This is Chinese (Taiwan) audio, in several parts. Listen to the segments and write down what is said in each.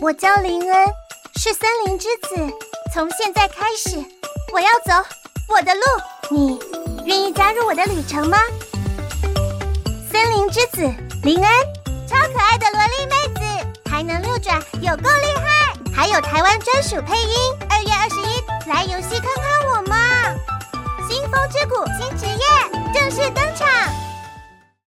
我叫林恩，是森林之子。從現在開始，我要走我的路。你願意加入我的旅程嗎？森林之子林恩，超可愛的蘿莉妹子，還能六轉，有夠厲害！還有台灣專屬配音。二月二十一，來遊戲看看我嗎？新楓之谷新職業正式登場。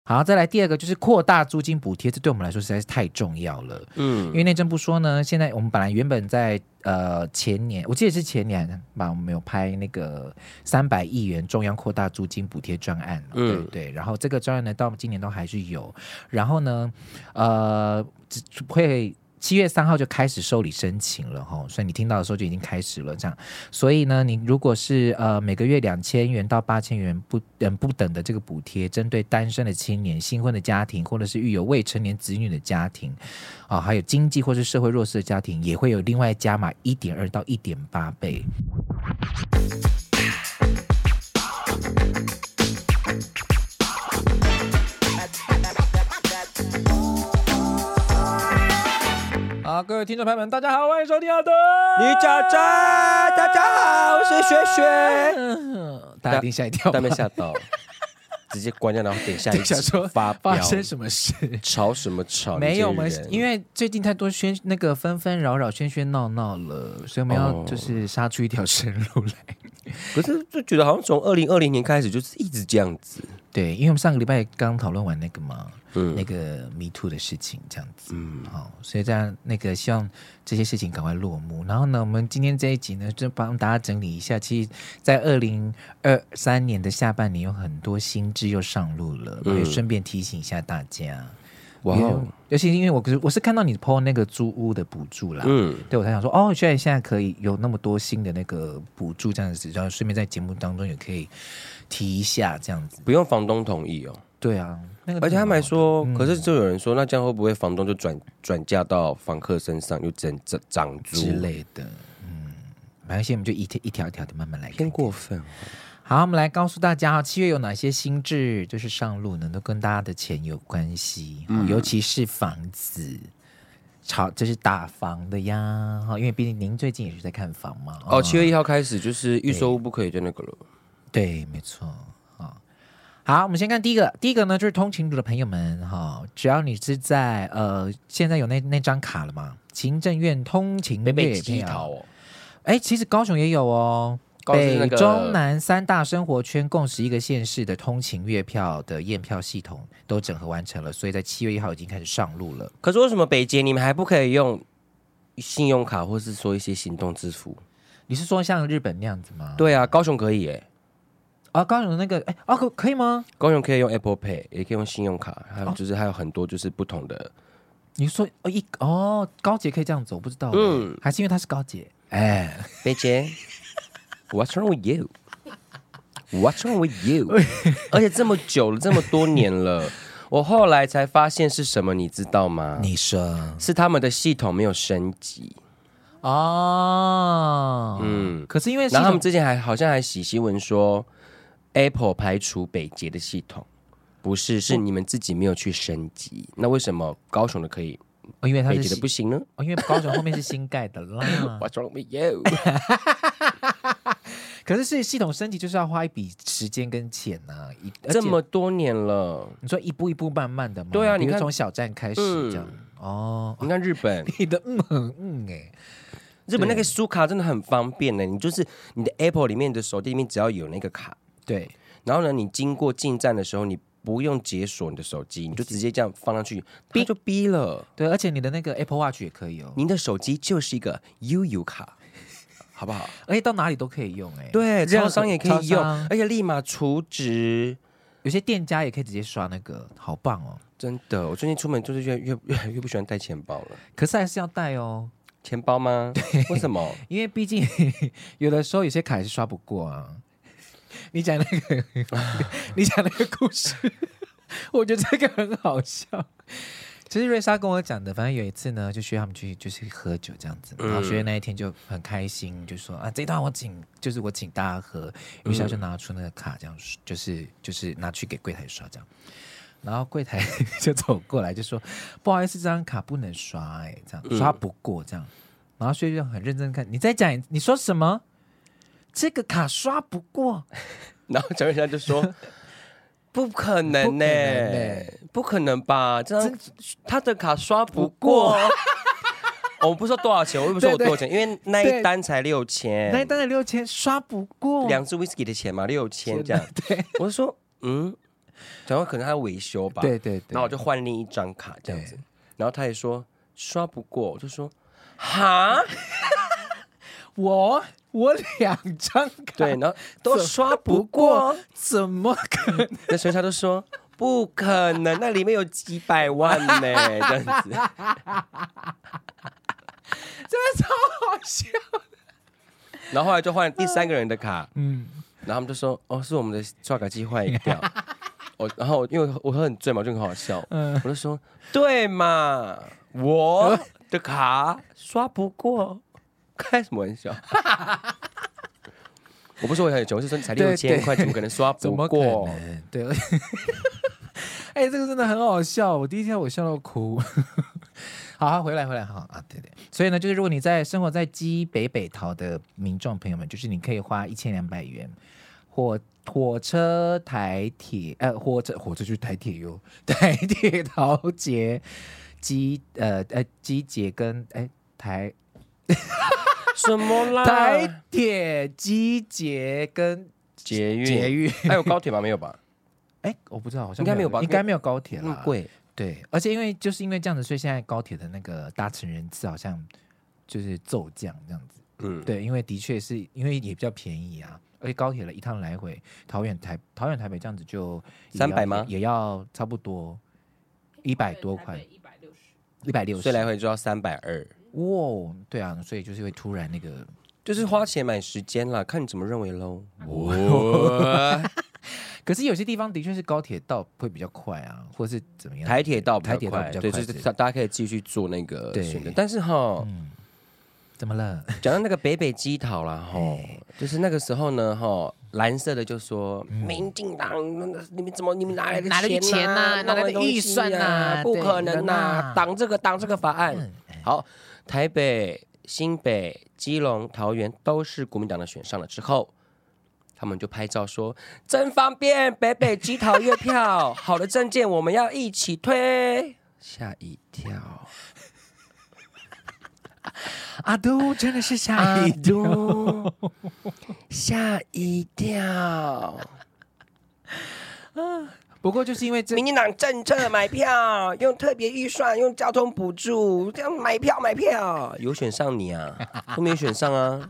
好，再來第二個就是擴大租金補貼，這對我們來說實在是太重要了。嗯，因為內政部說呢，現在我們本來原本在呃前年，我記得是前年吧，我們有拍那個三百億元中央擴大租金補貼專案，嗯、對不對？然後這個專案呢，到今年都還是有。然後呢，呃，會。七月三號就開始受理申請了，所以你聽到的時候就已經開始了，這樣，所以呢，你如果是呃每個月兩千元到八千元不等、呃、不等的這個補貼，針對單身的青年、新婚的家庭，或者是育有未成年子女的家庭，啊，還有經濟或是社會弱勢的家庭，也會有另外加碼一點二到一點八倍。好，各位聽眾朋友們，大家好，歡迎收聽《阿朵你家家》，大家好，我是雪雪。大家一定嚇一跳，大家沒嚇到， 直接關掉，然後等一下等一下，說發，發生什麼事，吵什麼吵？沒有嗎？因為最近太多喧，那個紛紛擾擾、喧喧鬧鬧了，所以我們要就是殺出一條生路來。哦、是 可是就覺得好像從二零二零年開始就是一直這樣子。對，因為我們上個禮拜剛討論完那個嘛，嗯、那個 Me Too 的事情，這樣子，嗯、好，所以這樣那個希望這些事情趕快落幕。然後呢，我們今天這一集呢，就幫大家整理一下。其實，在二零二三年的下半年，有很多新制又上路了，也、嗯、順便提醒一下大家。哇、哦，尤其是因為我我是看到你 PO 那個租屋的補助啦，嗯，對我才想說哦，現在現在可以有那麼多新的那個補助這樣子，然後順便在節目當中也可以。提一下這樣子，不用房東同意哦。對啊，那個、而且他們還說，嗯、可是就有，有人說，那這樣會不會房東就轉轉、嗯、嫁到房客身上，又整漲漲租之類的？嗯，沒關係，我們就一天一條一條的慢慢來。更過分、哦。好，我們來告訴大家，七月有哪些新制，就是上路呢？都跟大家的錢有關係、嗯哦，尤其是房子炒，這、就是打房的呀。哈，因為畢竟您最近也是在看房嘛。哦，七、哦、月一號開始就是預售屋不可以，就那個了。對，沒錯、哦，好，我們先看第一個，第一個呢就是通勤族的朋友們，哈、哦，只要你是在呃，現在有那那張卡了嗎？行政院通勤月票，哎、哦，其實高雄也有哦，高那個、北中南三大生活圈共十一個縣市的通勤月票的驗票系統都整合完成了，所以在七月一號已經開始上路了。可是為什麼北捷你們還不可以用信用卡，或是說一些行動支付？你是說像日本那樣子嗎？對啊，高雄可以耶。啊，高雄的那個，哎，啊可可以嗎？高雄可以用 Apple Pay，也可以用信用卡，還有就是還有很多就是不同的。你說哦一，哦，高捷可以這樣子，我不知道，嗯，還是因為他是高捷，哎，北捷，What's wrong with you？What's wrong with you？而且這麼久了，這麼多年了，我後來才發現是什麼，你知道嗎？你說是他們的系統沒有升級哦，嗯，可是因為然後他們之前還好像還洗新聞說。Apple 排除北捷的系統，不是，是你們自己沒有去升級？哦、那為什麼高雄的可以的？啊、哦，因為北捷的不行呢？因為高雄後面是新蓋的啦。 可是，是系統升級就是要花一筆時間跟錢吶、啊，這麼多年了，你說一步一步慢慢的嘛，對啊，你看，你，看你看從小站開始這樣，嗯、哦，你看日本，哦、你的嗯很嗯哎、欸，日本那個蘇卡真的很方便呢。對你就是你的 Apple 裡面的手機裡面只要有那個卡。對，然後呢？你經過進站的時候，你不用解鎖你的手機，你就直接這樣放上去，B 就 B 了。對，而且你的那個 Apple Watch 也可以哦。您的手機就是一個悠遊卡，好不好？而且到哪裡都可以用，欸。哎，對，超商也可以用，啊、而且立馬儲值。有些店家也可以直接刷那個，好棒哦！真的，我最近出門就是越越越越不喜歡帶錢包了，可是還是要帶哦。錢包嗎？對為什麼？ 因為畢竟有的時候有些卡還是刷不過啊。你講那個，你講那個故事， 我覺得這個很好笑。其實瑞莎跟我講的，反正有一次呢，就學他們去就是喝酒這樣子，然後學那一天就很開心，就說啊，這一段我請，就是我請大家喝，有時候就拿出那個卡這樣，就是就是拿去給櫃檯刷這樣，然後櫃檯就走過來就說，不好意思，這張卡不能刷、欸，哎，這樣刷不過這樣，然後學就很認真看，你在講，你說什麼？這個卡刷不過，然後蔣偉強就說：“不可能呢，不可能吧？這張他的卡刷不過。”我不說多少錢，我又不說我多少錢，因為那一單才六千，那一單才六千，刷不過，兩支威士忌的錢嘛，六千這樣。我就說，嗯，然後可能還要維修吧，對對。然後我就換另一張卡這樣子，然後他也說刷不過，我就說，哈。我我兩張卡，對，然後都刷不過，怎麼，怎麼可能？那所以他就說不可能，那裡面有幾百萬呢， 這樣子，真的超好笑。然後後來就換了第三個人的卡，嗯，然後他們就說：“哦，是我們的刷卡機壞掉。”我 然後因為我喝很醉嘛，就很好笑，嗯，我就說：“對嘛，我的卡刷不過。”開什麼玩笑！ 我不說我還窮，我是說你才六千塊錢，我可能刷不過。怎麼可能對，哎、 欸，這個真的很好笑，我第一天我笑到哭。 好，好，回來回來，好啊，對對。所以呢，就是如果你在生活在基北北桃的民眾朋友們，就是你可以花一千兩百元火火車台鐵，呃，火車火車去台鐵喲，台鐵桃捷基，呃呃基捷跟哎台。 什麼啦？台鐵、機捷跟捷運，捷運運 還有高鐵吧？沒有吧？哎、欸，我不知道，好像應該沒有吧？應該沒有高鐵啦。貴、嗯、貴對，而且因為就是因為這樣子，所以現在高鐵的那個搭乘人次好像就是驟降這樣子。嗯，對，因為的確是因為也比較便宜啊，而且高鐵了一趟來回，桃園台桃園台北這樣子就三百嗎？也要差不多一百多塊，一百六十，一百六十，所以來回就要三百二。哇，對啊，所以就是會突然那個，就是花錢買時間啦，看你怎麼認為嘍。哇，可是有些地方的確是高鐵到會比較快啊，或是怎麼樣？台鐵到台鐵到比較快，對，就是大家可以繼續做那個選擇。對，但是哈，怎麼了？講到那個北北基桃啦哈，就是那個時候呢哈，藍色的就說，民進黨，你們怎麼你們拿拿的錢吶，拿的預算吶，不可能吶，擋這個擋這個法案。好，台北、新北、基隆、桃園都是國民黨的選上了之後，他們就拍照說：“真方便，北北基桃月票， 好的政見我們要一起推。”嚇一跳，阿都真的是阿都嚇一跳。啊不過就是因為這，民進黨政策買票， 用特別預算，用交通補助，這樣買票買票，買票有選上你啊？都沒 有選上啊。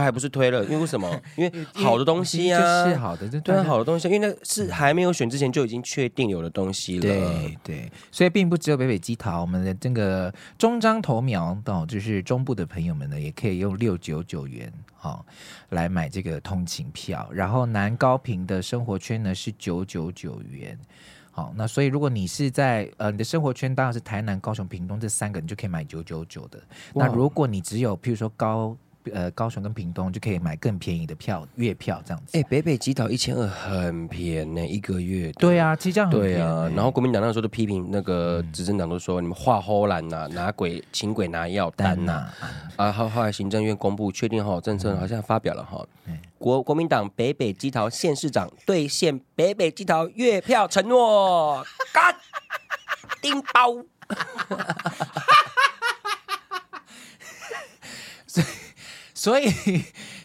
還不是推了，因為，為什麼？因為好的東西呀、啊， 就是好的，當然好的東西、啊，因為那是還沒有選之前就已經確定有的東西了對。對，所以並不只有北北基桃，我們的這個中彰投苗，哦，就是中部的朋友們呢，也可以用六九九元啊、哦、來買這個通勤票。然後南高屏的生活圈呢是九九九元，好、哦，那所以如果你是在呃你的生活圈當然是台南、高雄、屏東這三個，你就可以買九九九的。哇那如果你只有譬如說高。呃，高雄跟屏東就可以買更便宜的票，月票這樣子。哎、欸，北北基桃一千二很便宜，一個月。對，對啊，其實這樣很便宜，對啊，然後國民黨那時候都批評那個執政黨，都說、嗯、你們畫虎卵吶、啊，拿鬼請鬼拿藥單吶、啊啊。啊，後、啊、後來行政院公佈確定好政策、嗯、好像發表了哈、嗯。國國民黨北北基桃縣市長兌現北北基桃月票承諾幹 丁包。 所以，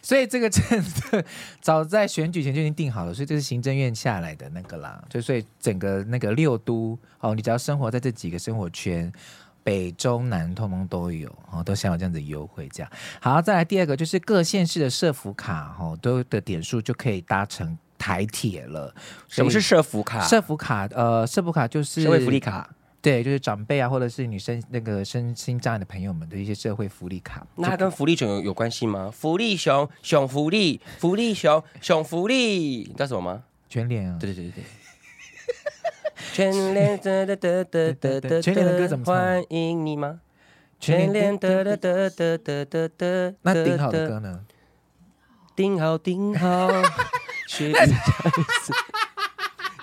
所以這個政策早在選舉前就已經定好了，所以這是行政院下來的那個啦。就所以整個那個六都哦，你只要生活在這幾個生活圈，北中南通通都有哦，都享有這樣子優惠這樣。這好，再來第二個就是各縣市的社福卡哦，都的點數就可以搭乘台鐵了。什麼是社福卡？社福卡呃，社福卡就是社會福利卡。對，就是長輩啊，或者是女生那個身心障礙的朋友們的一些社會福利卡。那它跟福利熊有有關係嗎？福利熊熊福利，福利熊熊福利，你知道什麼嗎？全聯啊！對對對對對。 全聯的的的的的的。全聯的歌怎麼唱？歡迎你嗎？全聯的的的的的的的。那頂好的歌呢？頂好頂好。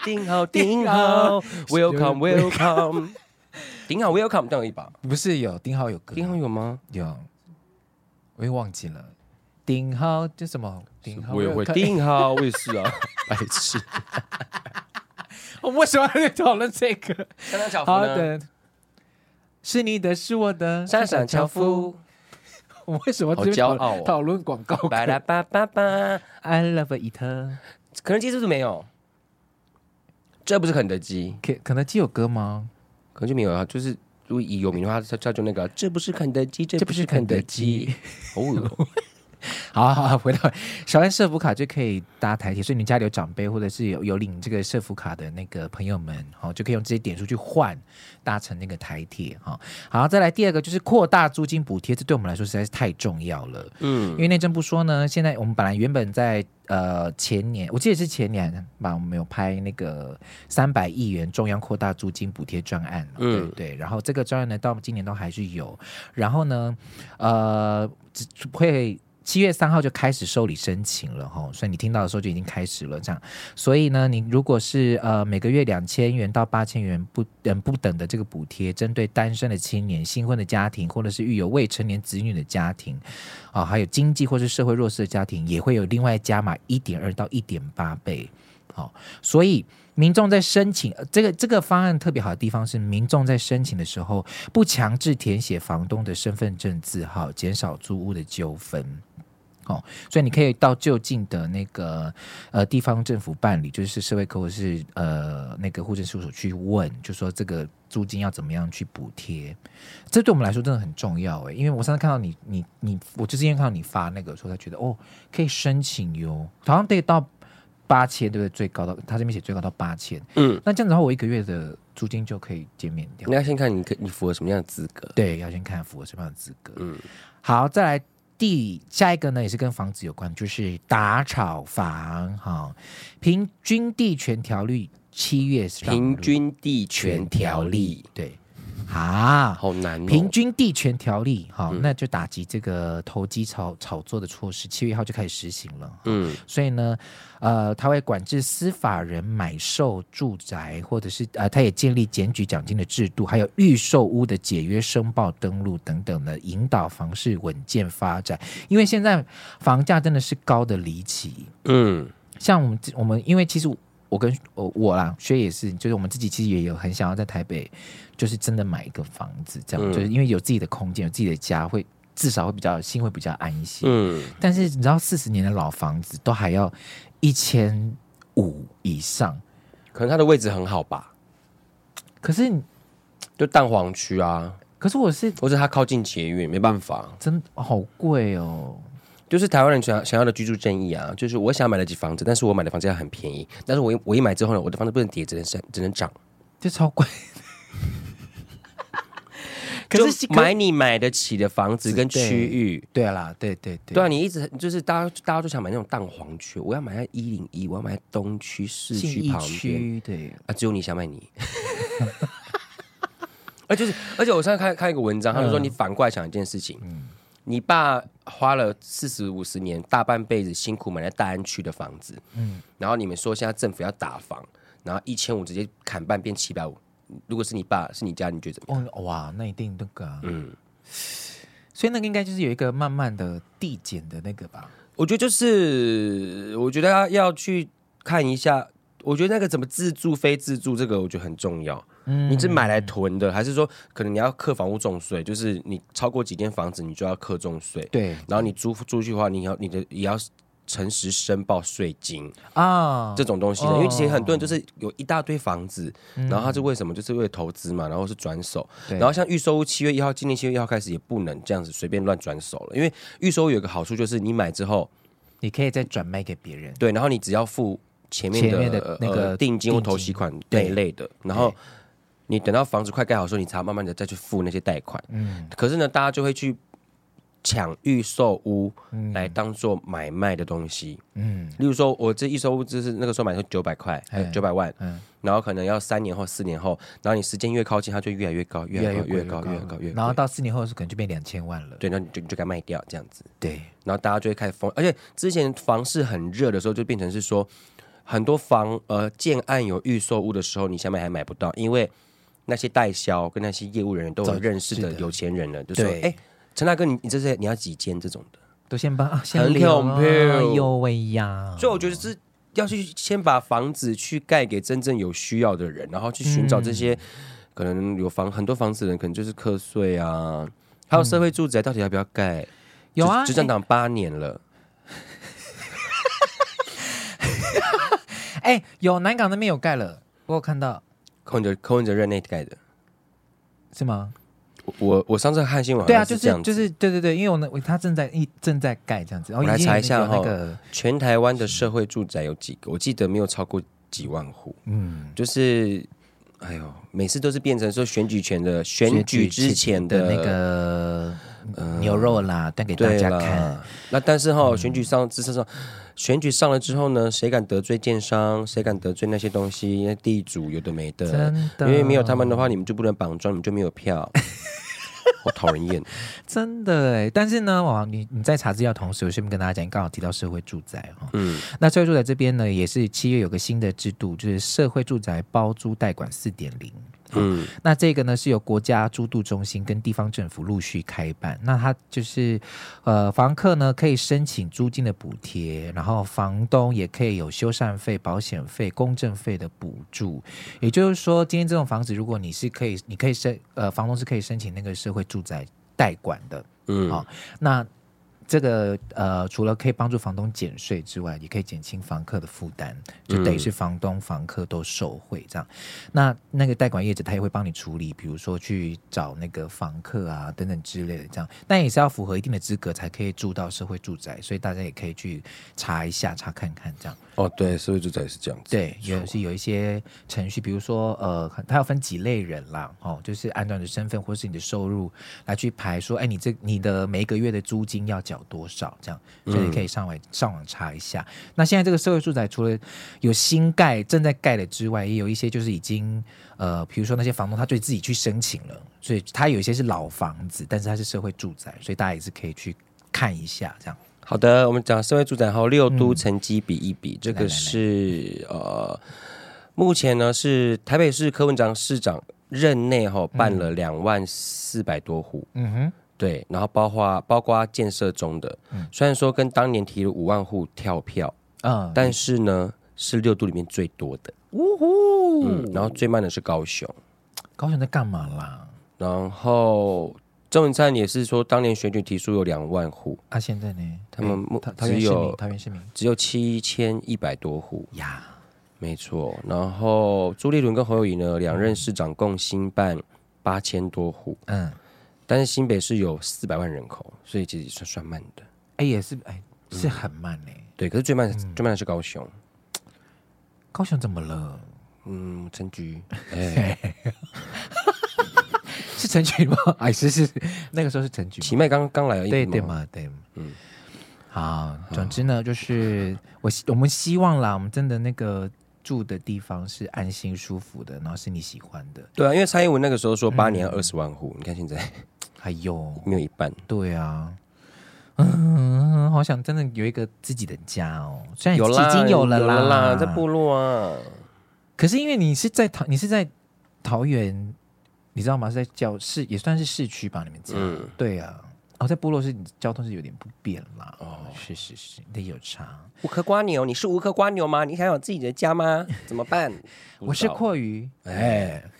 丁好，丁好 Welcome Welcome 丁好 Welcome 這樣一把不是有丁好有歌？丁好有嗎？有，我又忘記了。丁好，這什麼？丁好，我也會。丁好，我也是啊，白痴。我們為什麼還在討論這個？是你的，是我的。閃閃巧夫，我為什麼好驕傲？討論廣告？巴拉巴巴巴 I love it。可能接觸都沒有。這不是肯德基，肯肯德基有歌嗎？可能就沒有啊。就是如果以有名的話叫叫做那個、啊，這不是肯德基，這不是肯德基，哦喲。 好，好好，回到小安社福卡就可以搭台鐵，所以你們家裡有長輩或者是有有領這個社福卡的那個朋友們，好、哦、就可以用這些點數去換搭乘那個台鐵哈、哦。好，再來第二個就是擴大租金補貼，這對我們來說實在是太重要了。嗯，因為內政部說呢，現在我們本來原本在呃前年，我記得是前年吧，我們有拍那個三百億元中央擴大租金補貼專案，哦嗯、對，對對，然後這個專案呢到今年都還是有，然後呢，呃，只會。七月三號就開始受理申請了吼，所以你聽到的時候就已經開始了這樣，所以呢，你如果是呃每個月兩千元到八千元不等、嗯、不等的這個補貼，針對單身的青年、新婚的家庭，或者是育有未成年子女的家庭，啊、呃，還有經濟或是社會弱勢的家庭，也會有另外加碼一點二到一點八倍、呃，所以民眾在申請、呃、這個這個方案特別好的地方是，民眾在申請的時候不強制填寫房東的身份證字號，減少租屋的糾紛。哦，所以你可以到就近的那個呃地方政府辦理，就是社會科或是呃那個戶政事務所去問，就說這個租金要怎麼樣去補貼？這對我們來說真的很重要哎，因為我上次看到你你你，我就是今天看到你發那個說，他覺得哦可以申請喲，好像得到八千對不對？最高到他這邊寫最高到八千。嗯，那這樣子的話，我一個月的租金就可以減免掉。你要先看你你符合什麼樣的資格？對，要先看符合什麼樣的資格。嗯，好，再來。第下一個呢，也是跟房子有關，就是打炒房哈、哦。平均地權條例七月上路。平均地權條例，全條例對。啊，好難、哦！平均地權條例，哈，嗯、那就打擊這個投機炒炒作的措施，七月一號就開始實行了。嗯，所以呢，呃，他會管制司法人買售住宅，或者是呃，他也建立檢舉獎金的制度，還有預售屋的解約申報登錄等等的，引導房市穩健發展。因為現在房價真的是高得離奇，嗯，像我們我們，因為其實。我跟我、呃、我啦，薛也是，就是我們自己其實也有很想要在台北，就是真的買一個房子，這樣、嗯、就是因為有自己的空間、有自己的家，會至少會比較心會比較安心，嗯，但是你知道四十年的老房子都還要一千五以上，可能它的位置很好吧？可是就蛋黃區啊，可是我是，或者它靠近捷運，沒辦法，真好貴哦、喔。就是台灣人想想要的居住正義啊，就是我想買得起房子，但是我買的房子要很便宜，但是我一我一買之後呢，我的房子不能跌，只能升，只能漲，這超貴。可是 買你買得起的房子跟區域，對啦、啊，對對對，對，對啊，你一直就是大家大家都想買那種蛋黃區，我要買在一零一，我要買在東區市區旁邊，對啊，只有你想買你。 而且、就是而且我上次看看一個文章，他們說你反過來想一件事情，嗯嗯你爸花了四十五十年，大半輩子辛苦買來大安區的房子，嗯，然後你們說現在政府要打房，然後一千五直接砍半變七百五，如果是你爸是你家，你覺得怎麼樣？哦，哇，那一定那個、啊，嗯，所以那個應該就是有一個慢慢的遞減的那個吧？我覺得就是，我覺得要要去看一下，我覺得那個怎麼自住非自住這個我覺得很重要。你是買來囤的，還是說可能你要課房屋重稅？就是你超過幾間房子，你就要課重稅。對。然後你租出去的話你，你要你的也要誠實申報稅金啊，哦、這種東西。哦、因為其實很多人就是有一大堆房子，嗯、然後他是為什麼？就是為了投資嘛，然後是轉手。對然後像預售屋七月一號，今年七月一號開始也不能這樣子隨便亂轉手了，因為預售有個好處就是你買之後，你可以再轉賣給別人。對。然後你只要付前面的，前面的那個、呃、定金或投息款那一金對類的，然後。你等到房子快蓋好時候，你才慢慢的再去付那些貸款。嗯。可是呢，大家就會去搶預售屋來當做買賣的東西。嗯。例如說，我這預售屋就是那個時候買成九百塊，九百嘿、呃、萬。嗯嘿。然後可能要三年或四年後，然後你時間越靠近，它就越來越高，越來越高，越來越高，越高。然後到四年後是可能就變兩千萬了。對，那你就就該賣掉這樣子。對。然後大家就會開始瘋，而且之前房市很熱的時候，就變成是說，很多房呃建案有預售屋的時候，你想買還買不到，因為。那些代銷跟那些業務人員都有認識的有錢人了，的就說：“哎對，陳大哥，你你這些你要幾間這種的？都先搬啊，先很恐怖！哎呦喂呀！所以我覺得這是要去先把房子去蓋給真正有需要的人，然後去尋找這些、嗯、可能有房很多房子的人，可能就是課稅啊，還有社會住宅到底要不要蓋？嗯、就有啊，執政黨八年了，哎，有南港那邊有蓋了，我有看到。”空着空着，任內蓋的，是嗎？我我上次看新聞，對啊，就是就是對對對，因為我我他正在一正在蓋這樣子。然、oh, 後來查一下那個全台灣的社會住宅有幾個？是我記得沒有超過幾萬戶。嗯，就是哎呦，每次都是變成說選舉前的選舉之前，前的那個牛肉啦，帶、嗯、給大家看。那但是哈，嗯、選舉上只是說。選舉上了之後呢，誰敢得罪建商？誰敢得罪那些東西？地主有的沒的，的因為沒有他們的話，你們就不能綁樁，你們就沒有票。我討、 oh, 人厭，真的哎！但是呢，我你你在查資料同時，我順便跟大家講，剛好提到社會住宅哈。嗯，那社會住宅這邊呢，也是七月有個新的制度，就是社會住宅包租代管四點零。嗯，那這個呢，是由國家住都中心跟地方政府陸續開辦。那它就是，呃，房客呢可以申請租金的補貼，然後房東也可以有修繕費、保險費、公證費的補助。也就是說，今天這種房子，如果你是可以，你可以申，呃，房東是可以申請那個社會住宅代管的。嗯，好，哦，那。這個呃，除了可以幫助房東減稅之外，也可以減輕房客的負擔，就等於是房東、嗯、房客都受惠這樣。那那個代管業者他也會幫你處理，比如說去找那個房客啊等等之類的這樣。但也是要符合一定的資格才可以住到社會住宅，所以大家也可以去查一下、查看看這樣。哦，對，社會住宅也是這樣子。對，也是說有一些程序，比如說，呃，它要分幾類人啦，哦，就是按照你的身份或者是你的收入來去排，說，哎，你這你的每個月的租金要繳多少？這樣，所以你可以上網、嗯、上網查一下。那現在這個社會住宅除了有新蓋、正在蓋的之外，也有一些就是已經，呃，比如說那些房東他對自己去申請了，所以他有一些是老房子，但是它是社會住宅，所以大家也是可以去看一下這樣。好的，我們講社會住宅，然後六都成績比一比。嗯、這個是來來來呃，目前呢是台北市柯文哲市長任內哈、哦嗯、辦了兩萬四百多戶，嗯哼，對，然後包括包括建設中的，嗯、雖然說跟當年提了五萬戶跳票，嗯、但是呢是六都裡面最多的，嗚呼、哦嗯，然後最慢的是高雄，高雄在幹嘛啦？然後。鄭文燦也是說，當年選舉提出有兩萬戶，啊，現在呢，他們只有桃園市民只有七千一百多戶呀，沒錯。然後朱立倫跟侯友宜呢，兩任市長共新辦八千多戶，嗯，但是新北市有四百萬人口，所以其實算算慢的，哎，也是哎，是很慢呢。對，可是最慢最慢的是高雄，高雄怎麼了？嗯，陳菊。是陳菊嗎？哎，是是，那個時候是陳菊。其邁剛剛來而已嘛。對對嘛，對嘛。嗯，好，總之呢，哦、就是我我們希望啦，我們真的那個住的地方是安心舒服的，然後是你喜歡的。對啊，因為蔡英文那個時候說八年二十萬戶，嗯、你看現在，還有，沒有一半。對啊，嗯， 好想真的有一個自己的家哦、喔。雖然已經有了啦，有了啦，在部落啊。可是因為你是在桃，你是在桃園。你知道嗎？是在郊市也算是市區吧，你們家，嗯、對啊，哦，在波洛市交通是有點不便啦。哦，是是是，你得有車。無殼蝸牛，你是無殼蝸牛嗎？你想有自己的家嗎？怎麼辦？ 我是蛞蝓。 哎。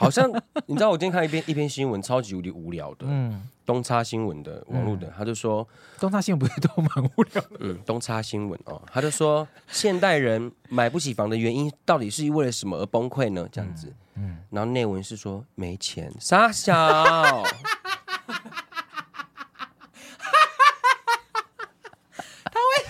好像你知道，我今天看一篇 一篇新聞，超級無敵無聊的。嗯，的的嗯。東差新聞的網絡的，他就說東差新聞不是都蠻無聊的？嗯，東差新聞哦，他就說 現代人買不起房的原因到底是因為了什麼而崩潰呢？這樣子。嗯。嗯，然後內文是說沒錢傻小。 他們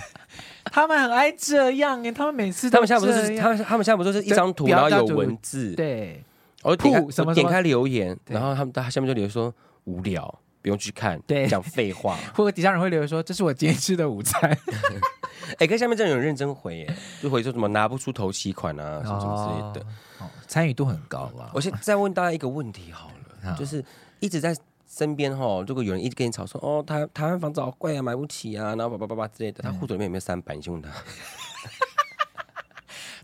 他們很愛這樣哎、欸，他們每次他們現在不是他們以他們現在不是是一張圖，然後有文字對。我點什麼什麼我點開留言，對然後他們在下面就留言說無聊，不用去看，對講廢話。或者底下人會留言說這是我今天吃的午餐。哎 、欸，看下面這種認真回耶、欸，就回說什麼拿不出頭期款啊，什麼、哦、什麼之類的，哦、參與度很高啊。我現在問大家一個問題好了，哦、就是一直在身邊哈、哦，如果有人一直跟你吵說哦台台灣房子好貴啊，買不起啊，然後叭叭叭叭之類的，嗯、他的戶口裡面有沒有三百？你問 他，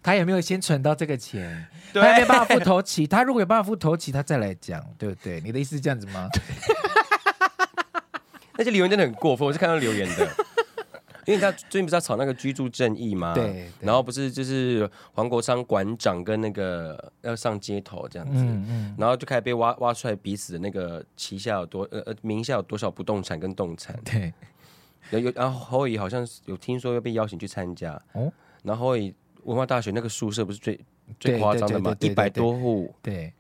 他有沒有先存到這個錢？對他沒辦法投企， 他如果有辦法復投企，他再來講，對不對？你的意思是這樣子嗎？ 那些留言真的很過分，我是看到留言的，因為他最近不是要吵那個居住正義嗎？然後不是就是黃國昌館長跟那個要上街頭這樣子，嗯嗯、然後就開始被挖挖出來彼此的那個旗下，有多呃呃名下有多少不動產跟動產，對。然後侯友宜好像有聽說要被邀請去參加哦。嗯、然後侯友宜文化大學那個宿舍不是最。最誇張的嘛，一百多戶，對，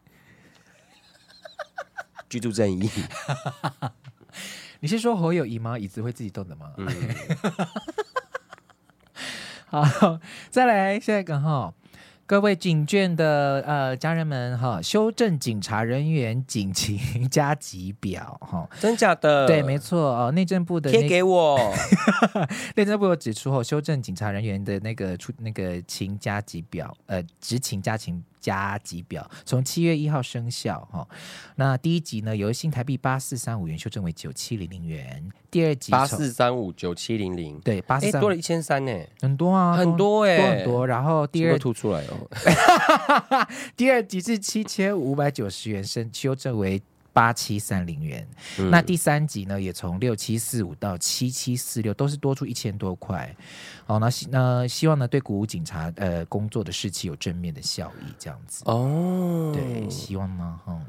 居住正義，你是說侯友姨媽椅子會自己動的嗎？好，再來，下一個號。各位警眷的，呃家人們哈、哦，修正警察人員警勤加給表，哈、哦、真假的？對，沒錯哦，內政部的貼給我。 內政部有指出後、哦，修正警察人員的那個出那個勤加給表，呃，執勤加勤。加級表從七月一號生效哈、哦，那第一級呢由新台幣八四三五元修正為九七零零元，第二級，八四三五九七零零，對，八四多了，一千三呢，很多啊，很多哎、欸，多，很多，然後第二集，出來哦， 第二級是七千五百九十元升修正為。八七三零元，嗯、那第三集呢也從六七四五到七七四六，都是多出一千多塊哦。那希那希望呢，對鼓舞警察呃工作的士氣有正面的效益，這樣子哦。對，希望嗎？哈，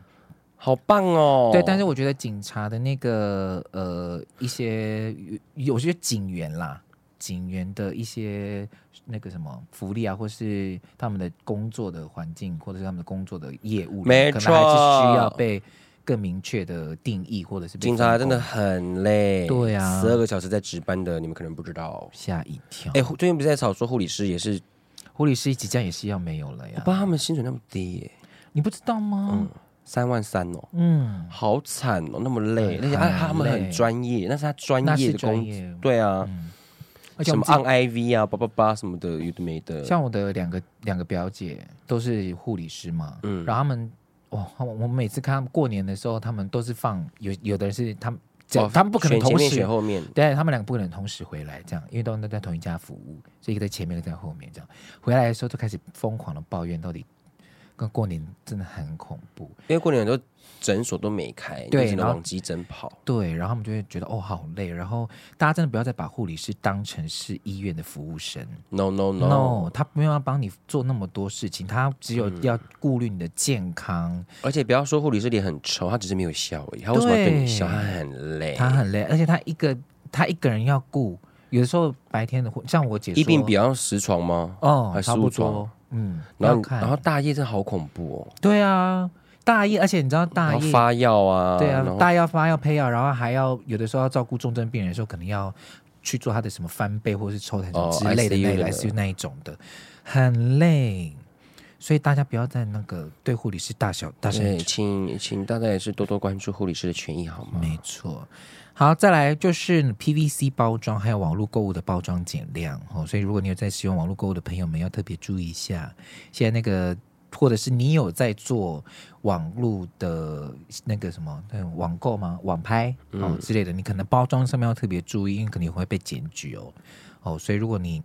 好棒哦。對，但是我覺得警察的那個呃一些有些警員啦，警員的一些那個什麼福利啊，或是他們的工作的環境，或者是他們的工作的業務，沒錯，可能還是需要被。更明確的定義，或者是警察真的很累，對啊，十二個小時在值班的，你們可能不知道，嚇一跳。哎，最近不是在炒作護理師也是，護理師即將也是要沒有了呀。不怕他們薪水那麼低耶，你不知道嗎？三萬三哦，嗯，好慘哦，那麼累，而且他們很專業，那是他專業的工作，對啊，而且什麼按 I V 啊，八八八什麼的，有的沒的。像我的兩個兩個表姐都是護理師嘛，嗯，然後他們。哇！我們每次看他們過年的時候，他們都是放有有的人是他們哦，哇他們不可能同時前面去後面，對，他們兩個不可能同時回來這樣，因為都都在同一家服務，所以一個在前面一個在後面這樣，回來的時候就開始瘋狂的抱怨到底。跟過年真的很恐怖，因為過年很多診所都沒開，對，你只能往急診跑。對，然後我們就會覺得哦，好累。然後大家真的不要再把護理師當成是醫院的服務生。No no no. no，他不用要幫你做那麼多事情，他只有要顧慮你的健康。嗯，而且不要說護理師臉很醜，他只是沒有笑而已。他為什麼要對你笑？他很累，他很累。而且他一個他一個人要顧，有的時候白天的會像我姐說，一病比較實床嗎？哦，還差不多。嗯，要看。然後大夜真的好恐怖哦。對啊，大夜，而且你知道大夜發藥啊？對啊，大夜發藥配藥，然後還要有的時候要照顧重症病人的時候，可能要去做他的什麼翻背或者是抽痰之類的那，類似於那一種的很累。所以大家不要在那個對護理師大小大聲，請請大家也是多多關注護理師的權益好嗎？沒錯。好，再來就是 PVC 包裝，還有網絡購物的包裝減量哦。所以，如果你有在使用網絡購物的朋友們，要特別注意一下，現在那個，或者是你有在做網絡的那個什麼，網購嗎？網拍哦、嗯、之類的，你可能包裝上面要特別注意，因為可能會被檢舉哦。哦，所以如果你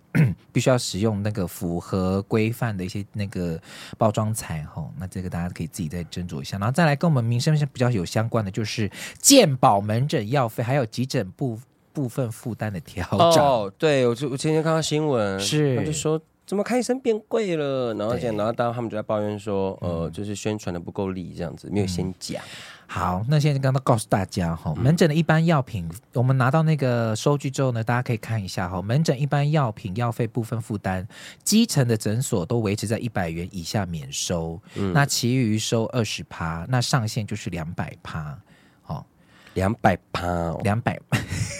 必須要使用那個符合規範的一些那個包裝材，吼、哦，那這個大家可以自己再斟酌一下，然後再來跟我們民生比較有相關的，就是健保門診藥費還有急診部部分負擔的調整。哦、oh，對，我就我今天看到新聞是，他就說。怎麼看醫生變貴了？然後現在，對然後當他們就在抱怨說，嗯、呃，就是宣傳的不夠力，這樣子沒有先講、嗯、好。那現在剛剛告訴大家哈，門診的一般藥品，嗯、我們拿到那個收據之後呢，大家可以看一下哈，門診一般藥品藥費部分負擔，基層的診所都維持在一百元以下免收，嗯、那其餘收二十趴，那上限就是兩百趴。兩百趴，兩、哦、百。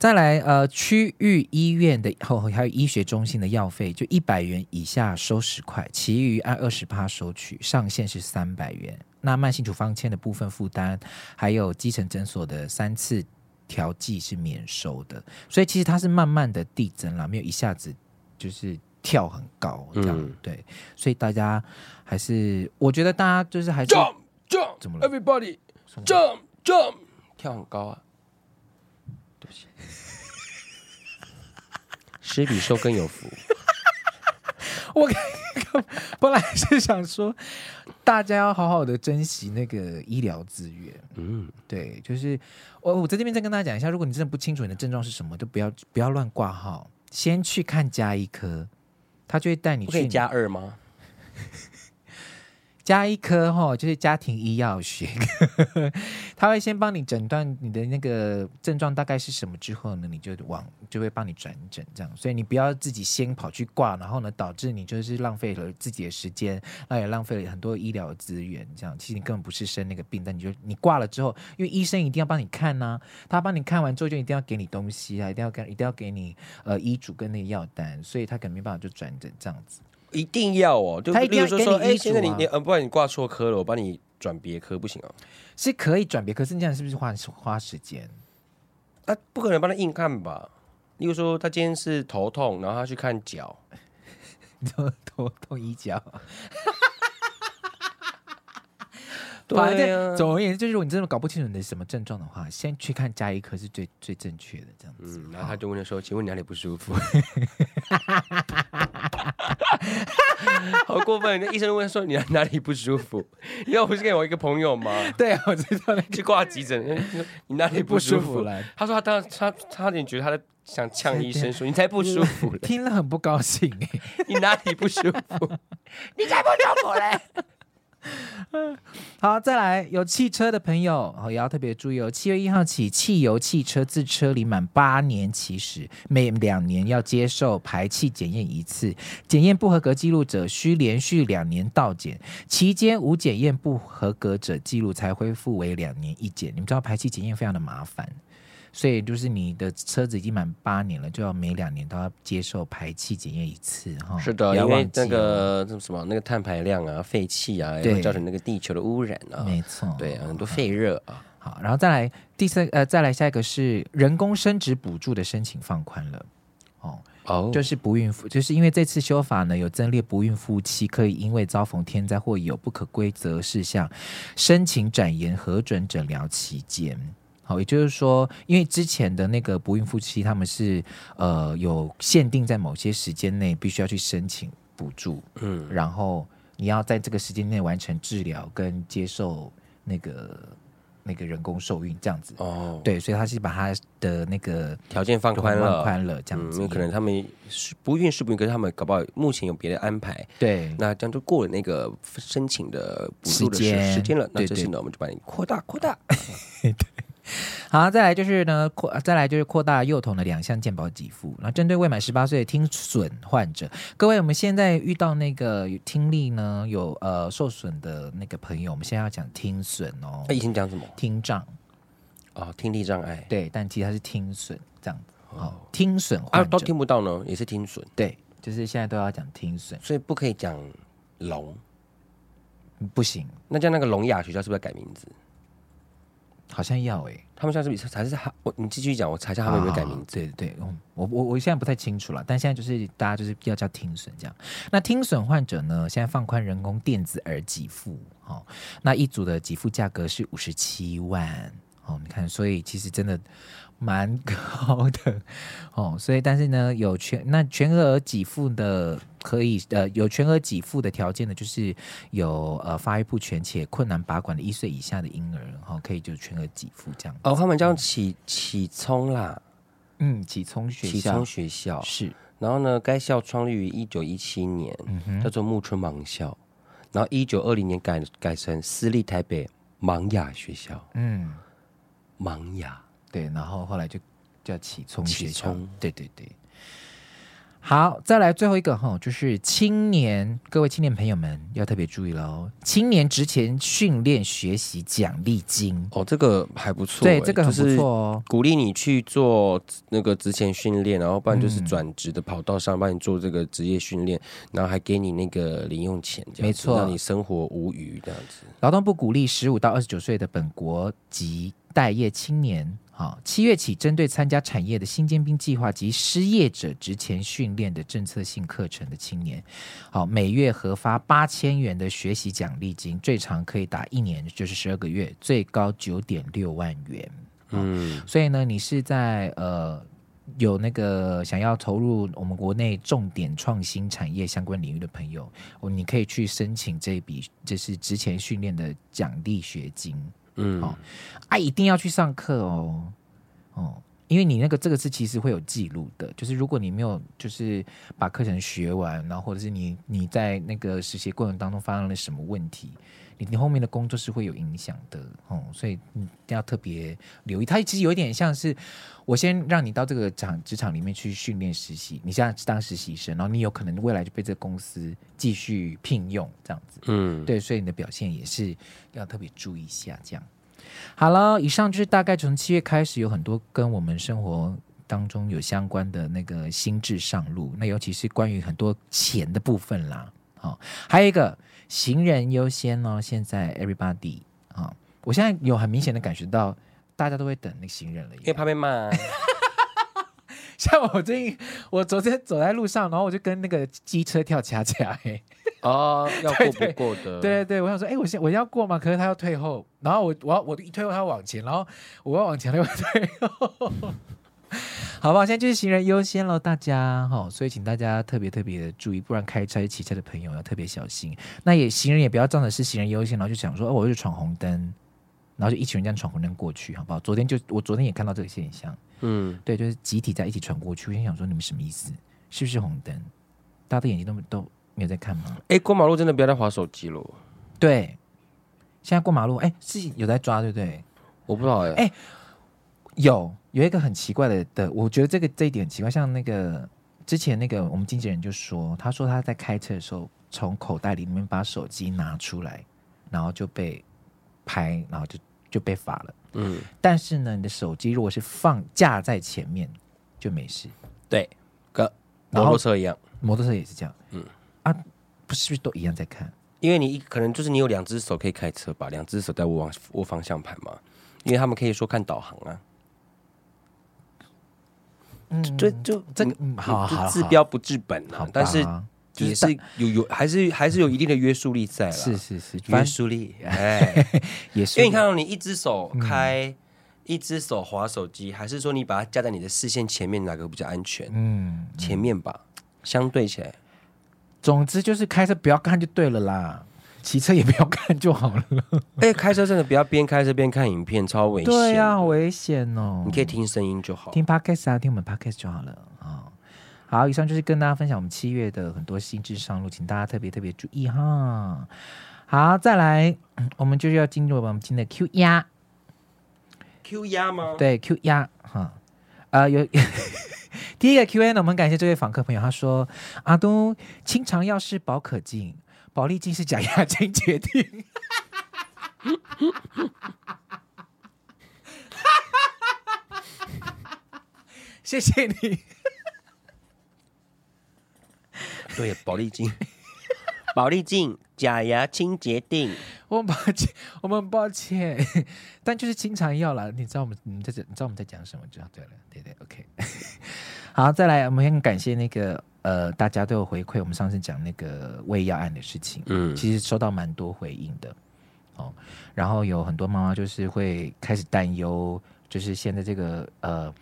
再來，呃，區域醫院的後還有醫學中心的藥費，就一百元以下收十塊，其餘按二十趴收取，上限是三百元。那慢性處方簽的部分負擔，還有基層診所的三次調劑是免收的。所以其實它是慢慢的遞增了，沒有一下子就是跳很高這樣。嗯、對，所以大家還是，我覺得大家就是還是。jump jump 怎麼了？everybody jump jump 跳很高啊。 施比受更有福。我 本來是想說，大家要好好的珍惜那個醫療資源。嗯，對，就是我我在這邊再跟大家講一下，如果你真的不清楚你的症狀是什麼，就不要不要亂掛號，先去看加一科，他就會帶你去加二嗎？ 加醫科齁，就是家庭醫藥學呵呵，他會先幫你診斷你的那個症狀大概是什麼，之後呢，你就往就會幫你轉診這樣，所以你不要自己先跑去掛，然後呢，導致你就是浪費了自己的時間，那、啊、也浪費了很多醫療資源。這樣其實你根本不是生那個病，但你就你掛了之後，因為醫生一定要幫你看吶、啊，他幫你看完之後就一定要給你東西啊，一定要給一定要給你呃醫囑跟那個藥單，所以他可能沒辦法就轉診這樣子。一定要哦，就比如說說，哎、啊欸，現在你你、嗯，不然你掛錯科了，我幫你轉別科不行啊？是可以轉別科，可是你這樣是不是花花時間？他、啊、不可能幫他硬看吧？又說他今天是頭痛，然後他去看腳，就頭痛醫腳。 反正總而言之，就是如果你真的搞不清楚你的什麼症狀的話，先去看家醫科是最最正確的這樣子。然後他就問說：“請問你哪裡不舒服？”啊嗯、舒服 好過分！那醫生問說：“你哪裡不舒服？”因為我不是給我一個朋友嗎？對啊，我就、那個、去掛急診。你哪裡不舒服？ 不舒服，他說他他差點覺得他在想嗆醫生說：“你才不舒服。” 聽了很不高興、欸、 你哪裡不舒服？你才不舒服嘞！ 好，再來有汽車的朋友也要特別注意哦，七月一號起，汽油汽車自車齡滿八年起始，每兩年要接受排氣檢驗一次，檢驗不合格記錄者需連續兩年到檢，期間無檢驗不合格者記錄才恢復為兩年一檢。你們知道排氣檢驗非常的麻煩。所以就是你的車子已經滿八年了，就要每兩年都要接受排氣檢驗一次哈。哦、是的，因為、那個、那個什麼，那個碳排量啊，廢氣啊，對，造成那個地球的汙染啊，沒錯，對，很多廢熱啊。嗯嗯、好，然後再來第三呃，再來下一個是人工生殖補助的申請放寬了哦哦，哦就是不孕夫，就是因為這次修法呢，有增列不孕夫妻可以因為遭逢天災或有不可歸責事項，申請展延核准診療期間。好，也就是說，因為之前的那個不孕夫妻，他們是呃有限定在某些時間內必須要去申請補助，嗯，然後你要在這個時間內完成治療跟接受那個那個人工受孕這樣子哦，對，所以他是把他的那個條件放寬了，放寬了這樣子、嗯，可能他們不孕是不孕，可是他們搞不好目前有別的安排，對，那這樣就過了那個申請的補助的時間時間間了，那這次呢對對對，我們就幫你擴大擴大。 好、啊，再來就是呢，擴再來就是擴大幼童的兩項健保給付。那針對未滿十八歲的聽損患者，各位，我們現在遇到那個聽力呢有呃受損的那個朋友，我們現在要講聽損哦、喔。他以前講什麼？聽障哦，聽力障礙。對，但其實他是聽損這樣子哦。聽損啊，都聽不到呢，也是聽損。對，就是現在都要講聽損，所以不可以講聾、嗯，不行。那叫那個聾啞學校是不是要改名字？好像要誒、欸，他們現在這筆才是，是，是我，你繼續講，我查一下他會不會改名字。對對對，嗯，我我我現在不太清楚了，但現在就是大家就是要叫聽損這樣。那聽損患者呢，現在放寬人工電子耳給付，哦，那一組的給付價格是五十七萬，哦，你看，所以其實真的。蠻高的哦，所以但是呢，有全那全額給付的可以呃，有全額給付的條件呢，就是有呃發育不全且困難拔管的一歲以下的嬰兒，然後可以就全額給付這樣。哦，他們叫啟啟聰啦，嗯，啟聰學啟聰學校，學校是。然後呢，該校創立於一九一七年，嗯哼，叫做木村盲校，然後一九二零年改改成私立台北盲啞學校，嗯，盲啞。對，然後後來就叫起衝起衝，對對對。好，再來最後一個哈，就是青年，各位青年朋友們要特別注意嘍。青年職前訓練學習獎勵金哦，這個還不錯，對，這個很不錯哦，鼓勵你去做那個職前訓練，然後不然就是轉職的跑道上幫你做這個職業訓練，嗯、然後還給你那個零用錢，這樣沒錯，讓你生活無虞這樣子。勞動部鼓勵十五到二十九歲的本國籍待業青年，好，七月起，針對參加產業的新尖兵計劃及失業者職前訓練的政策性課程的青年，好，每月核發八千元的學習獎勵金，最長可以達一年，就是十二個月，最高九點六萬元。嗯，所以呢，你是在呃有那個想要投入我們國內重點創新產業相關領域的朋友，你可以去申請這一筆就是職前訓練的獎勵學金。嗯，哦、啊，一定要去上課哦，哦，因為你那個這個是其實會有記錄的，就是如果你沒有就是把課程學完，然後或者是你你在那個實習過程當中發生了什麼問題。你後面的工作是會有影響的哦、嗯，所以你一定要特別留意。它其實有一點像是，我先讓你到這個場職場裡面去訓練實習，你現在當實習生，然後你有可能未來就被這個公司繼續聘用這樣子。嗯，對，所以你的表現也是要特別注意一下。這樣好了，以上就是大概從七月開始有很多跟我們生活當中有相關的那個新制上路，那尤其是關於很多錢的部分啦。哦、還有一個行人優先哦。現在 everybody、哦、我現在有很明顯的感覺到，大家都會等那行人了。因為旁邊慢， 像我最近，我昨天走在路上，然後我就跟那個機車跳恰恰。哦，要過不過的， 對對對，我想說，哎、欸，我先我要過嗎？可是他要退後，然後我我要我一退後，他往前，然後我要往前又退後。 好吧，現在就是行人優先嘍，大家哈，所以請大家特別特別的注意，不然開車、騎車的朋友要特別小心。那也行人也不要仗着是行人優先，然後就想說，哦，我就闖紅燈，然後就一群人這樣闖紅燈過去，好不好？昨天就我昨天也看到這個現象，嗯，對，就是集體在一起闖過去。我想說，你們什麼意思？是不是紅燈？大家的眼睛都都沒有在看嗎？哎、欸，過馬路真的不要再滑手機了。對，現在過馬路，哎、欸，是有在抓，對不對？我不知道哎、欸。欸有有一個很奇怪的的，我覺得這個這一點很奇怪，像那個之前那個我們經紀人就說，他說他在開車的時候從口袋裡面把手機拿出來，然後就被拍，然後就就被罰了。嗯，但是呢，你的手機如果是放架在前面就沒事。對，跟，摩托車一樣，摩托車也是這樣。嗯，啊，不是不是都一樣在看？因為你可能就是你有兩隻手可以開車吧，兩隻手在握握方向盤嘛，因為他們可以說看導航啊。嗯，就就這個，好，治標不治本，但是也是有有，還是還是有一定的約束力在了，是是是，約束力，哎，因為你看到你一隻手開，一隻手劃手機，還是說你把它架在你的視線前面，哪個比較安全？嗯，前面吧，相對起來。總之就是開車不要看就對了啦。騎車也不要看就好了。哎、欸，開車真的不要邊開車邊看影片，超危險。對呀、啊，好危險哦。你可以聽聲音就好，聽 podcast 啊，聽我們 podcast 就好了啊、哦。好，以上就是跟大家分享我們七月的很多新制上路，請大家特別特別注意哈。好，再來，我們就是要進入我們今天的 Q&A。Q&A 嗎？對，Q&A。哈，呃，有 第一個 Q&A，呢，我們感謝這位訪客朋友，他說：“阿東，清腸藥是保可淨。”.保麗鏡是假牙清潔錠。謝謝你 。對，保麗淨， 保麗淨假牙清潔錠。 我們抱歉，我們很抱歉， 但就是經常要來，你知道我們，你在這，你知道我們在講什麼？就對了，對對，對，OK。 好，再來，我們先感謝那個。呃，大家都有回饋。我們上次講那個餵藥案的事情，嗯，其實收到蠻多回應的哦。然後有很多媽媽就是會開始擔憂，就是現在這個呃，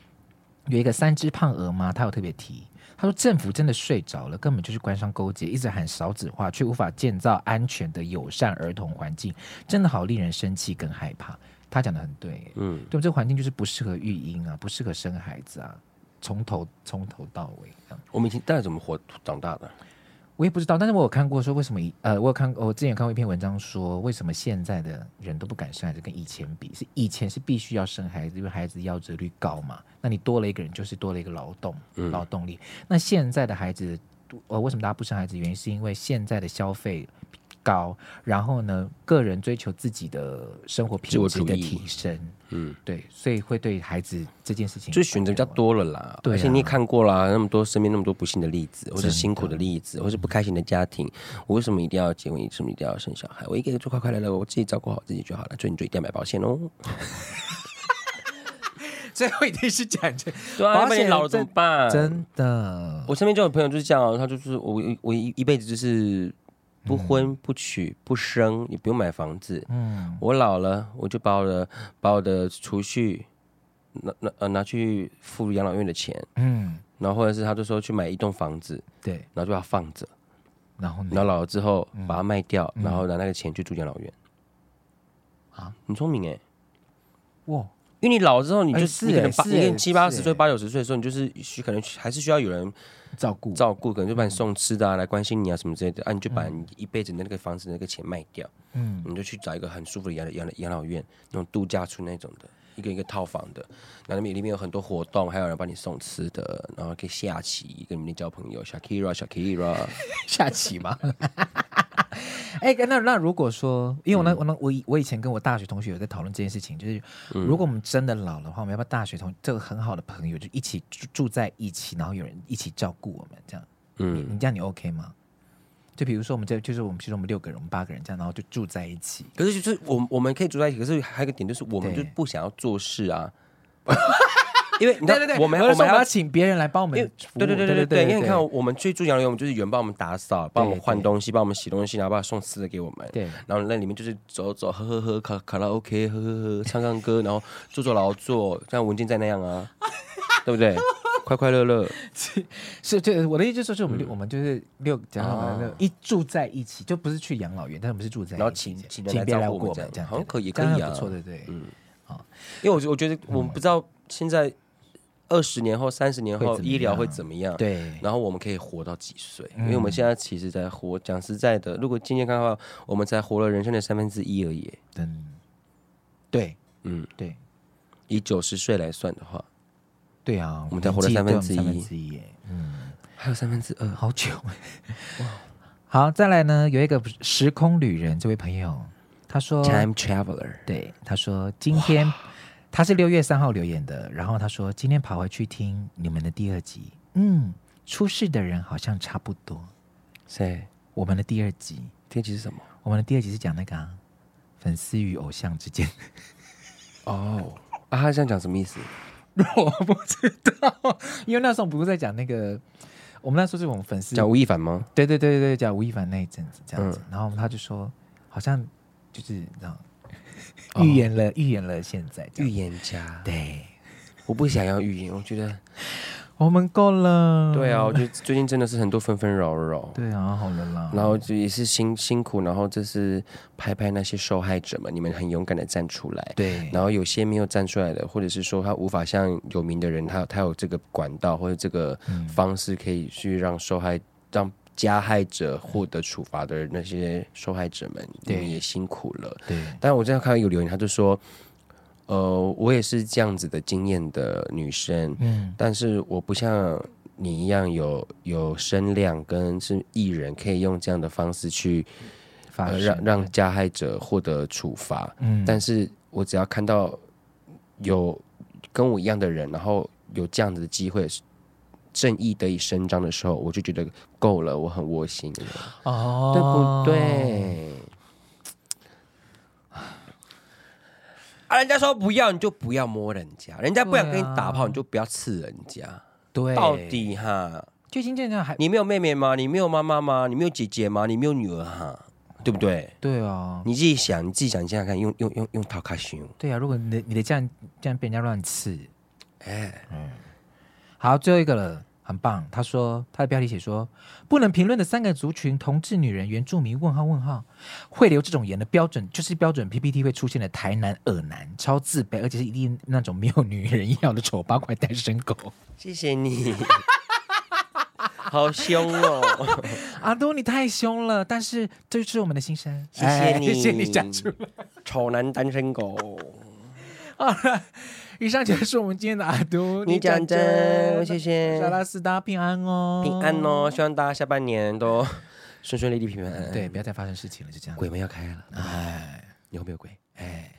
有一個三只胖鵝媽，她有特別提，她說政府真的睡着了，根本就是官商勾結，一直喊少子化，卻無法建造安全的友善兒童環境，真的好令人生氣跟害怕。她講得很對，嗯，對吧？這個環境就是不適合育嬰啊，不適合生孩子啊。從頭從頭到尾，我們以前大家怎麼活長大的？我也不知道，但是我有看過說為什麼呃，我有看我之前有看過一篇文章說為什麼現在的人都不敢生孩子，跟以前比，是以前是必須要生孩子，因為孩子夭折率高嘛，那你多了一個人就是多了一個勞動、嗯、勞動力，那現在的孩子呃為什麼大家不生孩子？原因是因為現在的消費。高，然後呢，個人追求自己的生活品質的提升，身嗯，對，所以會對孩子這件事情，所以選擇比較多了啦。對啊，而且你也看過啦，那麼多身邊那麼多不幸的例子，或是辛苦的例子，的或是不開心的家庭，我為什麼一定要結婚？嗯、為什麼一定要生小孩？我一個人做快快樂樂，我自己照顧好自己就好了。所以你就一定要買保險哦。 最後一定是講這個，發現老了怎麼辦？真的，真的我身邊就有朋友就是這樣，哦，他就是我，我一一輩子就是。不婚不娶不生，也不用買房子。嗯，我老了，我就把我的把我的儲蓄拿拿呃拿去付養老院的錢。嗯，然後或者是他就說去買一棟房子，對，然後就把它放着，然後然後老了之後把它賣掉，然後拿那個錢去住養老院。啊，很聰明哎，哇！因為你老了之後，你就是可能七八十歲、八九十歲的時候，你就是可能還是需要有人。照顧照顧，可能就把你送吃的、啊嗯、來關心你啊什麼之類的，啊你就把你一輩子的那個房子那個錢賣掉，嗯，你就去找一個很舒服的養養養老院，那種度假村那種的。一個一個套房的，那裡面裡面有很多活動，還有人幫你送吃的，然後可以下棋，跟你們交朋友。小 Kira，小 Kira，下棋嘛嗎？哎、 欸，那那如果說，因為我那、嗯、我那我我以前跟我大學同學有在討論這件事情，就是如果我們真的老了的話，我們要不要大學同學這個很好的朋友就一起住住在一起，然後有人一起照顧我們這樣？嗯，你這樣你 OK 嗎？就比如說，我們這就是我們其中我們六個人、我們八個人這樣，然後就住在一起。可是就是我我們可以住在一起，可是還有一個點就是我們就不想要做事啊，因為你看，對對對，我們還要請別人來幫我們。對對對對對，因為你看我們去住養老院，我們就是有人幫我們打掃，幫我們換東西，幫我們洗東西，然後把它送吃的給我們。對，然後那裡面就是走走，喝喝喝，卡拉 OK，喝喝喝，唱唱歌，然後做做勞作，像文靜在那樣啊，對不對？快快樂樂，是這我的意思，就是我們我們就是六，講好了，一住在一起，就不是去養老院，但不是住在，然後請請人來照顧這樣，好像可以可以啊，錯對，對，嗯，好，因為我我覺得我們不知道現在二十年後、三十年後醫療會怎麼樣，對，然後我們可以活到幾歲？因為我們現在其實，在活講實在的，如果健健康的話，我們才活了人生的三分之一而已。對，嗯，對，以九十歲來算的話。對啊，我們才活了三分之一，嗯，還有三分之二，好久哎！哇，好，再來呢，有一個時空旅人這位朋友，他說，Time Traveler，對，他說今天哇他是六月三號留言的，然後他說今天跑回去聽你們的第二集，嗯，出事的人好像差不多，誰？我們的第二集，第二集是什麼？我們的第二集是講那個、啊、粉絲與偶像之間，哦，啊，他想講什麼意思？我不知道，因為那時候不是在講那個，我們那時候是我們粉絲叫吳亦凡嗎？對對對對對，叫吳亦凡那一陣子這樣子，嗯，然後他就說，好像就是那種預言了，預言了現在預言家。言家對，我不想要預言，我覺得。我們夠了。對啊，我覺得最近真的是很多紛紛擾擾。 對啊，好了啦。然後也是辛辛苦，然後就是拍拍那些受害者們，你們很勇敢的站出來。對。然後有些沒有站出來的，或者是說他無法像有名的人，他他有這個管道或者這個方式可以去讓受害、嗯、讓加害者獲得處罰的、嗯、那些受害者們，對你們也辛苦了。對。但我今天看到有留言，他就說。呃，我也是這樣子的經驗的女生，嗯、但是我不像你一樣有有聲量跟是藝人，可以用這樣的方式去射、呃、讓讓加害者獲得處罰，嗯、但是我只要看到有跟我一樣的人，然後有這樣子的機會，正義得以伸張的時候，我就覺得夠了，我很窩心，哦，對不對？啊！人家說不要，你就不要摸人家；人家不想跟你打炮，啊、你就不要刺人家。對，到底哈？就今天這樣還你沒有妹妹嗎？你沒有媽媽嗎？你沒有姐姐嗎？你沒有女兒哈？對不對？對哦、啊。你自己想，你自己想，想想看，用用用用 t a l 討開心。對啊，如果你你的這樣這樣被人家亂刺，哎，嗯，好，最後一個了。很棒，他說他的標題寫說不能評論的三個族群：同志、女人、原住民。問號問號，會留這種言的標準就是標準 PPT 會出現的台男惡男，超自卑，而且是一定那種沒有女人要的醜八怪單身狗。謝謝你， 好凶哦，阿東、 啊、你太凶了，但是這就是我們的心聲、哎。謝謝你，謝謝你講出醜男單身狗。 以上就是我們今天的阿杜，你講真，謝謝，沙拉斯，大家平安哦，平安哦，希望大家下半年都順順利利、平平安安，對，不要再發生事情了，就這樣了，鬼門要開了，哎，嗯、你會不會有鬼？哎。